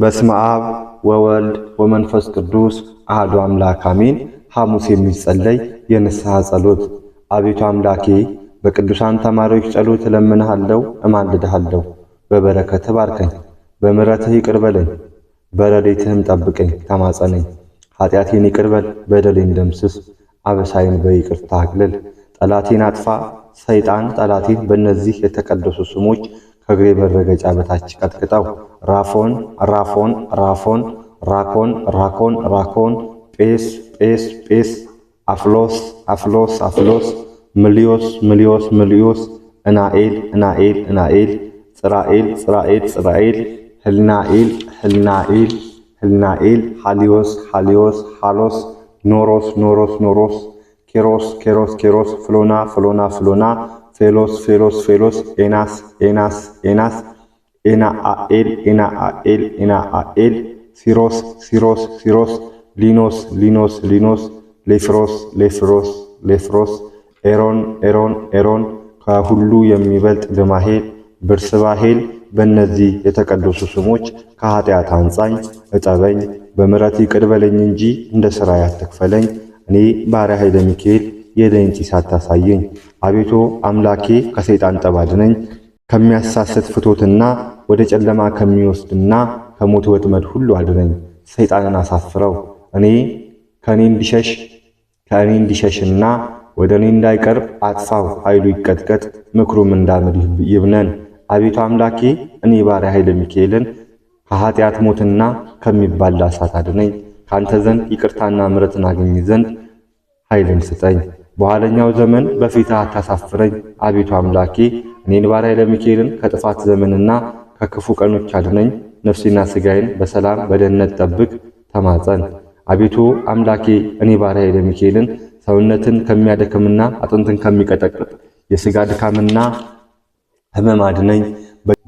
በስመ አብ ወወልድ ወመንፈስ ቅዱስ አህዶ አምላክ አሜን። ሐሙስ የሚጸለይ የንስሐ ጸሎት። አቤቱ አምላኬ በቅዱሳን ተማሪዎች ጸሎት እለምንሃለሁ፣ እማልድሃለሁ። በበረከት ባርከኝ፣ በምሕረትህ ይቅር በለኝ፣ በረዴትህም ጠብቀኝ፣ ተማጸነኝ። ኃጢአቴን ይቅር በል፣ በደሌን ደምስስ፣ አበሳይን በይቅርታ አቅልል ጠላቴን አጥፋ። ሰይጣን ጠላቴን በእነዚህ የተቀደሱ ስሞች ከእግሬ መረገጫ በታች ቀጥቅጠው። ራፎን ራፎን ራፎን ራኮን ራኮን ራኮን ጴስ ጴስ ጴስ አፍሎስ አፍሎስ አፍሎስ ምልዮስ ምልዮስ ምልዮስ እናኤል እናኤል እናኤል ጽራኤል ጽራኤል ጽራኤል ህልናኤል ህልናኤል ህልናኤል ሃሊዮስ ሃሊዮስ ሃሎስ ኖሮስ ኖሮስ ኖሮስ ኬሮስ ኬሮስ ኬሮስ ፍሎና ፍሎና ፍሎና ፌሎስ ፌሎስ ፌሎስ ኤናስ ኤናስ ኤናስ ኤናአኤል ኤናአኤል ኤናአኤል ሲሮስ ሲሮስ ሲሮስ ሊኖስ ሊኖስ ሊኖስ ሌፍሮስ ሌፍሮስ ሌፍሮስ ኤሮን ኤሮን ኤሮን ከሁሉ የሚበልጥ ድማሄል ብርስባሄል በእነዚህ የተቀደሱ ስሞች ከኃጢአት አንጻኝ እጠበኝ፣ በምረት ይቅር በለኝ እንጂ እንደ ሥራዬ ያትክፈለኝ። እኔ ባሪያ ኃይለ ሚካኤል የደይን ጢስ አታሳየኝ። አቤቱ አምላኬ ከሰይጣን ጠብ አድነኝ፣ ከሚያሳስት ፍቶትና ወደ ጨለማ ከሚወስድና ከሞት ወጥመድ ሁሉ አድነኝ። ሰይጣንን አሳፍረው እኔ ከእኔ እንዲሸሽ ከእኔ እንዲሸሽና ወደ እኔ እንዳይቀርብ አጥፋው። ኃይሉ ይቀጥቀጥ፣ ምክሩም እንዳመድ ይብነን። አቤቱ አምላኬ እኔ ባሪያ ኃይለ ሚካኤልን ከኃጢአት ሞትና ከሚባላ እሳት አድነኝ። ካንተ ዘንድ ይቅርታና ምሕረትን አገኝ ዘንድ ኃይልን ስጠኝ። በኋለኛው ዘመን በፊትህ አታሳፍረኝ። አቤቱ አምላኬ እኔን ባሪያ ለሚካኤልን ከጥፋት ዘመንና ከክፉ ቀኖች አድነኝ። ነፍሴና ስጋዬን በሰላም በደህንነት ጠብቅ፣ ተማጸን። አቤቱ አምላኬ እኔ ባሪያ ለሚካኤልን ሰውነትን ከሚያደክምና አጥንትን ከሚቀጠቅጥ የስጋ ድካምና ህመም አድነኝ።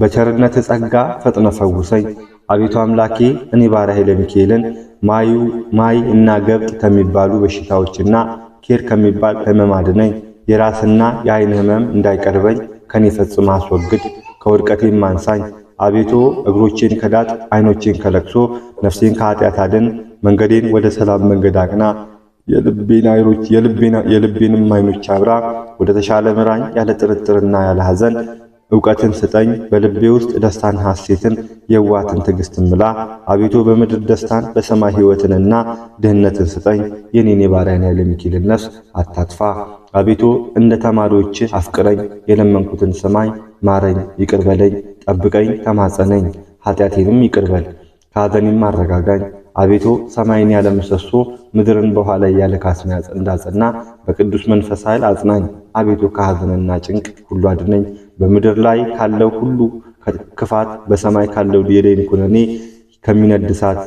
በቸርነት ጸጋ ፈጥነ ፈውሰኝ። አቤቱ አምላኬ እኔ ባሪያ ኃይለ ሚካኤልን ማዩ ማይ እና ገብጥ ከሚባሉ በሽታዎችና ኬር ከሚባል ህመም አድነኝ። የራስና የአይን ህመም እንዳይቀርበኝ ከኔ ፈጽሞ አስወግድ፣ ከውድቀቴም አንሳኝ። አቤቱ እግሮቼን ከዳጥ አይኖቼን ከለቅሶ ነፍሴን ከኃጢአት አድን። መንገዴን ወደ ሰላም መንገድ አቅና፣ የልቤንም አይኖች አብራ። ወደ ተሻለ ምራኝ ያለ ጥርጥርና ያለ ሐዘን እውቀትን ስጠኝ፣ በልቤ ውስጥ ደስታን ሐሴትን የዋትን ትዕግስትን ምላ። አቤቱ በምድር ደስታን በሰማይ ሕይወትንና ድህነትን ስጠኝ። የኔን የባሪያን ኃይለ ነፍስ አታጥፋ። አቤቱ እንደ ተማሪዎች አፍቅረኝ፣ የለመንኩትን ሰማይ ማረኝ፣ ይቅርበለኝ፣ ጠብቀኝ፣ ተማጸነኝ፣ ኃጢአቴንም ይቅርበል፣ ከሐዘኔም አረጋጋኝ። አቤቱ ሰማይን ያለ ምሰሶ ምድርን በኋላ ላይ ያለ ካስማ እንዳጸና በቅዱስ መንፈስ ኃይል አጽናኝ። አቤቱ ከሐዘንና ጭንቅ ሁሉ አድነኝ። በምድር ላይ ካለው ሁሉ ክፋት፣ በሰማይ ካለው ዲሬን ኩነኔ ከሚነድ እሳት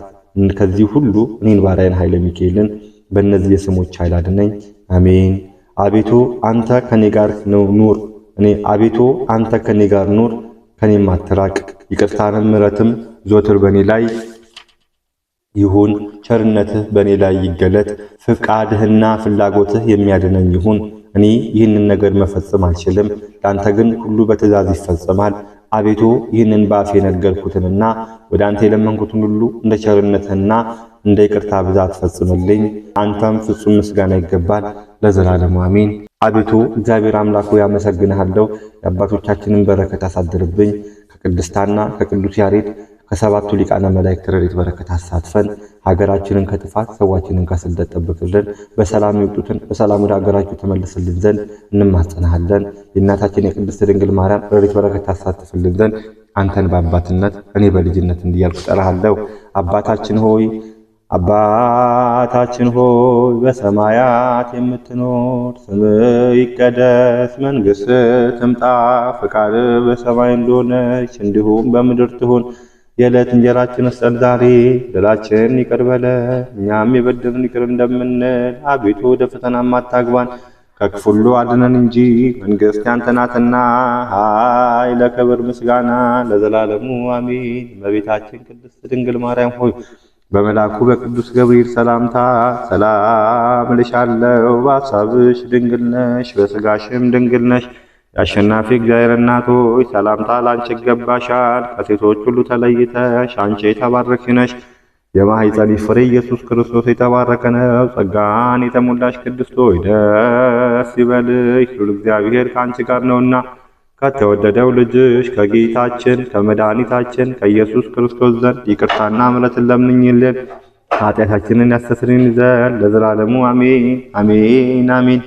ከዚህ ሁሉ እኔን ባሪያን ኃይለ ሚካኤልን በእነዚህ የስሞች ኃይል አድነኝ። አሜን። አቤቱ አንተ ከኔ ጋር ኑር። እኔ አቤቱ አንተ ከኔ ጋር ኑር፣ ከኔም አትራቅ። ይቅርታንም ምረትም ዞትር በኔ ላይ ይሁን። ቸርነትህ በኔ ላይ ይገለጥ። ፍቃድህና ፍላጎትህ የሚያድነኝ ይሁን። እኔ ይህንን ነገር መፈጸም አልችልም፣ ለአንተ ግን ሁሉ በትእዛዝ ይፈጸማል። አቤቱ ይህንን በአፍ የነገርኩትንና ወደ አንተ የለመንኩትን ሁሉ እንደ ቸርነትህና እንደ ይቅርታ ብዛት ፈጽምልኝ። አንተም ፍጹም ምስጋና ይገባል ለዘላለሙ አሜን። አቤቱ እግዚአብሔር አምላኩ ያመሰግንሃለሁ። የአባቶቻችንን በረከት አሳድርብኝ። ከቅድስታና ከቅዱስ ያሬድ ከሰባቱ ሊቃነ መላእክት ረድኤት በረከት አሳትፈን ሀገራችንን ከጥፋት ሰዋችንን ከስደት ጠብቅልን። በሰላም የወጡትን በሰላም ወደ ሀገራችሁ ተመልስልን ዘንድ እንማጸናሃለን። የእናታችን የቅድስት ድንግል ማርያም ረድኤት በረከት አሳትፍልን ዘንድ አንተን በአባትነት እኔ በልጅነት እንዲያልኩ ጠራሃለሁ። አባታችን ሆይ አባታችን ሆይ በሰማያት የምትኖር፣ ስም ይቀደስ፣ መንግስት ትምጣ፣ ፍቃድ በሰማይ እንደሆነች እንዲሁም በምድር ትሁን የዕለት እንጀራችን ስጠን ዛሬ፣ በደላችንን ይቅር በለን እኛም የበደሉንን ይቅር እንደምንል፣ አቤቱ ወደ ፈተና አታግባን ከክፉ ሁሉ አድነን እንጂ መንግስት ያንተ ናትና፣ ኃይል፣ ክብር፣ ምስጋና ለዘላለሙ አሜን። እመቤታችን ቅድስት ድንግል ማርያም ሆይ በመልአኩ በቅዱስ ገብርኤል ሰላምታ ሰላም እልሻለሁ። በአሳብሽ ድንግል ነሽ፣ በስጋሽም ድንግል ነሽ የአሸናፊ እግዚአብሔር እናቶች ሰላምታ ላንቺ ይገባሻል። ከሴቶች ሁሉ ተለይተሽ አንቺ የተባረክሽ ነሽ፣ የማኅፀንሽ ፍሬ ኢየሱስ ክርስቶስ የተባረከ ነው። ጸጋን የተሞላሽ ቅድስት ሆይ ደስ ይበልሽ፣ ሉል እግዚአብሔር ከአንቺ ጋር ነውና ከተወደደው ልጅሽ ከጌታችን ከመድኃኒታችን ከኢየሱስ ክርስቶስ ዘንድ ይቅርታና ምሕረትን ለምንኝልን ኃጢአታችንን ያስተሰርይልን ዘንድ ለዘላለሙ አሜን አሜን አሜን።